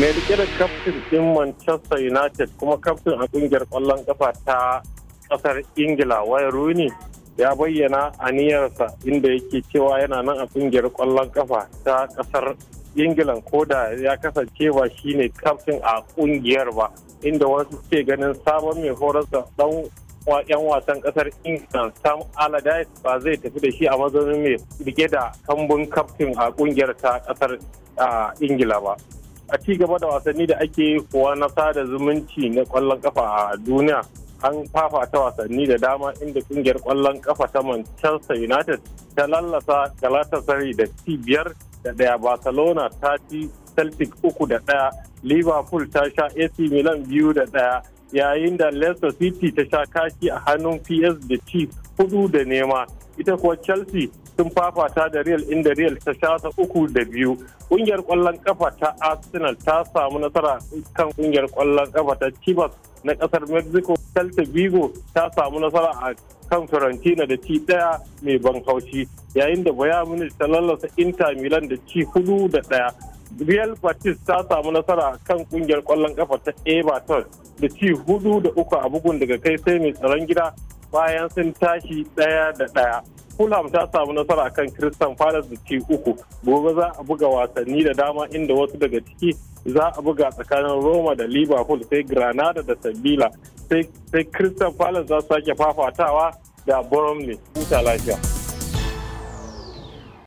mai rike da kaftin din manchester united kuma kaftin a kungiyar kwallon kafa ta kasar ingila wai rooney ya bayyana aniyarsa inda yake cewa yana nan a kungiyar kwallon kafa ta kasar ingilan da ya kasance ba shine kaftin a kungiyar ba inda wasu ke ganin sabon mai horar dan yan wasan kasar ingila sam allardyce ba zai tafi da shi a mazaunin mai rike da kambun kaftin a kungiyar ta kasar ingila ba a ci gaba da wasanni da ake kuwa na sada zumunci na kwallon kafa a duniya an fafata wasanni da dama inda kungiyar kwallon kafa ta manchester united ta lallasa galatasaray da cibiyar da daya barcelona ta ci celtic uku da daya liverpool ta sha ac milan biyu da daya yayin da leicester city ta sha kashi a hannun ps da ci hudu da nema ita kuwa chelsea sun fafata da real inda real ta ta uku da biyu kungiyar kwallon kafa ta arsenal ta samu nasara kan kungiyar kwallon kafa ta chivas na kasar mexico celta vigo ta samu nasara a kan Fiorentina da ci daya mai ban haushi yayin da Bayern Munich ta lallasa Inter Milan da ci hudu da ɗaya real batis ta samu nasara kan kungiyar kwallon kafa ta everton da ci hudu da uku a bugun daga kai sai mai tsaron gida bayan sun tashi daya da daya fulham ta samu nasara kan crystal palace da ci uku gobe za a buga wasanni da dama inda wasu daga ciki za a buga tsakanin roma da liverpool sai granada da sabila sai crystal palace za su sake fafatawa da bromley huta lafiya